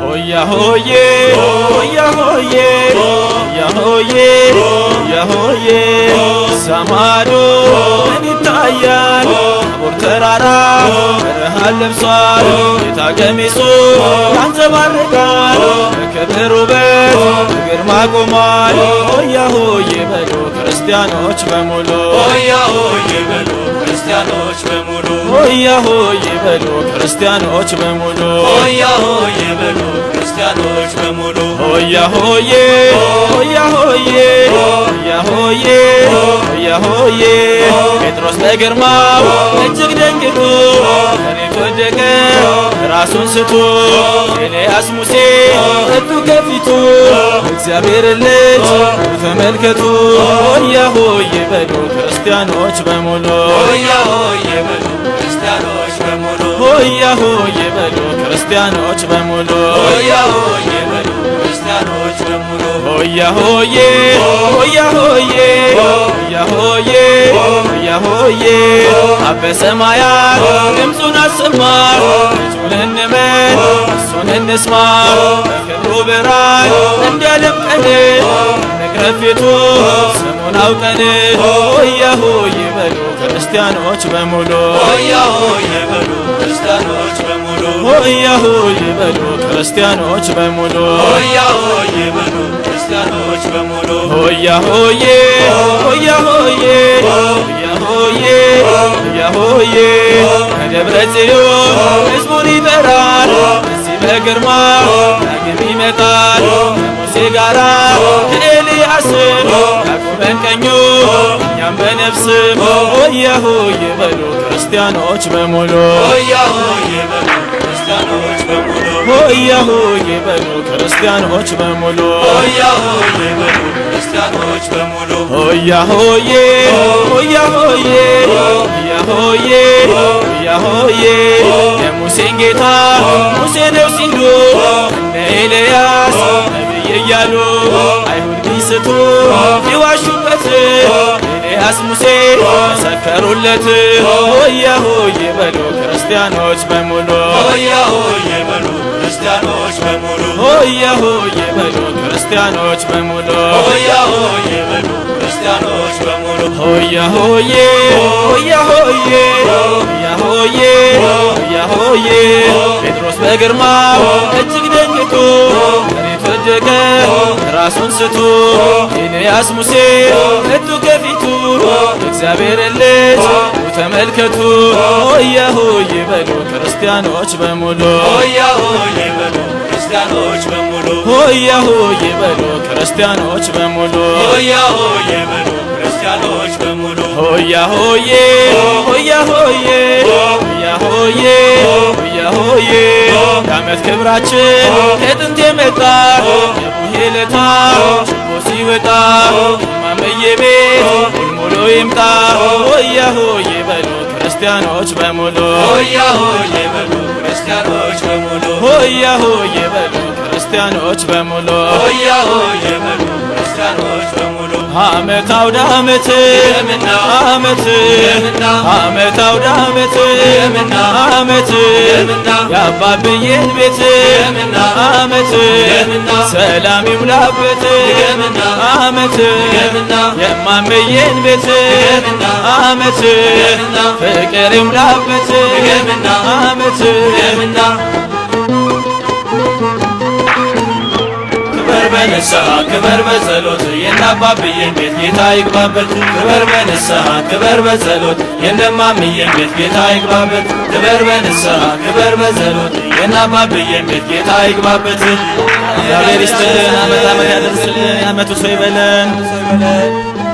ሆያ ሆዬ ሆያ ሆዬ ሆያ ሆዬ ሆያ ሆዬ ሰማዶ ምን ይታያል አቦር ተራራ በረሃን ለብሷል ጌታ ቀሚሱ ያንጸባርቃል በክብር ውበት በግርማ ቆሟል ሆያ ሆዬ በሉ ክርስቲያኖች በሙሉ ሆያ ሆዬ በሉ ክርስቲያኖች በሙሉ ሆያ ሆይ በሉ ክርስቲያኖች በሙሉ ሆያ ሆይ በሉ ክርስቲያኖች በሙሉ ሆያ ሆዬ ጴጥሮስ በግርማው እጅግ ደንግጦ መሬት ወደቀ ራሱን ስቶ ኤልያስ ሙሴ መጡ ከፊቱ እግዚአብሔር ልጅ ተመልከቱ ሆያ ሆይ በሉ ክርስቲያኖች በሙሉ ሆያ ሆይ በሉ ሆያሆ ይበሉ ክርስቲያኖች በሙሉ ሆያሆ ይበሉ ክርስቲያኖች በሙሉ ሆያሆዬ ሆያሆዬ ሆያሆዬ ሆያሆዬ አበ ሰማያት ድምፁን አሰማ ልጁን እንመን እሱን እንስማ በክብሩ ብርሃን እንደ ነግረፊቱ ስሙን አውቀን ሆያሆዬ ክርስቲያኖች በሙሉ ሆያ ሆይ ይበሉ ክርስቲያኖች በሙሉ ሆያ ሆይ ይበሉ ክርስቲያኖች በሙሉ ሆያ ሆይ ይበሉ ክርስቲያኖች በሙሉ ሆያ ሆይ ከደብረ ጽዮን ሕዝቡን ይጠራል እዚህ በግርማ ዳግም ይመጣል ከሙሴ ጋራ ከኤልያስን ያዕቆብን ቀኙ ክርስቲያን በነፍስ ሆያሆ ይበሉ ክርስቲያኖች በሙሉ ሆያሆ ይበሉ ክርስቲያኖች በሙሉ ሆያሆ ይበሉ ክርስቲያኖች በሙሉ ሆያሆ ይበሉ ክርስቲያኖች በሙሉ ሆያሆዬ ሆያሆዬ ሆያሆዬ የሙሴን ጌታ ሙሴ ነው ሲሉ እነ ኤልያስ እያሉ አይሁድ ሚስቱ ይዋሹበት ኤልያስ ሙሴ ሰከሩለት። ሆያ ሆዬ በሉ ክርስቲያኖች በሙሉ ሆያ ሆዬ በሉ ክርስቲያኖች በሙሉ ሆያ ሆዬ ክርስቲያኖች በሙሉ ሆያ ሆዬ ሆያ ሆዬ ሆያ ሆዬ ጴጥሮስ በግርማ እጅግ ራሱን ስቶ ኤልያስ ሙሴ እቱ ከፊቱ እግዚአብሔር ልጅ ተመልከቱ ሆያሁ ይበሉ ክርስቲያኖች በሙሉ ሆያሁ ይበሉ ክርስቲያኖች በሙሉ ሆያሁ ይበሉ ክርስቲያኖች በሙሉ ሆያሆዬ ይበሉ ክርስቲያኖች በሙሉ ሆያሁ ሆያሁ ቁመት ክብራችን ከጥንት የመጣ የቡሄ ለታ ችቦ ሲወጣ ማመዬ ቤት ሙሉ ይምጣ ሆያ ሆዬ በሉ ክርስቲያኖች በሙሉ ሆያ ሆዬ በሉ ክርስቲያኖች በሙሉ ሆያ ሆዬ በሉ ክርስቲያኖች በሙሉ አመት አውደ አመት አመት አመት አውደ አመት አመት የአባብዬን ቤት አመት ሰላም ይሙላበት አመት የማመዬን ቤት አመት ፍቅር ይሙላበት አመት በንስሐ ክበር በጸሎት የናባብዬን ቤት ጌታ ይግባበት። ክበር በንስሐ ክበር በጸሎት የነማምዬን ቤት ጌታ ይግባበት። ክበር በንስሐ ክበር በጸሎት የናባብዬን ቤት ጌታ ይግባበት። እግዚአብሔር ይስጥልን። ዓመት ዓመት ያደርስልን። የዓመቱ ሰው ይበለን።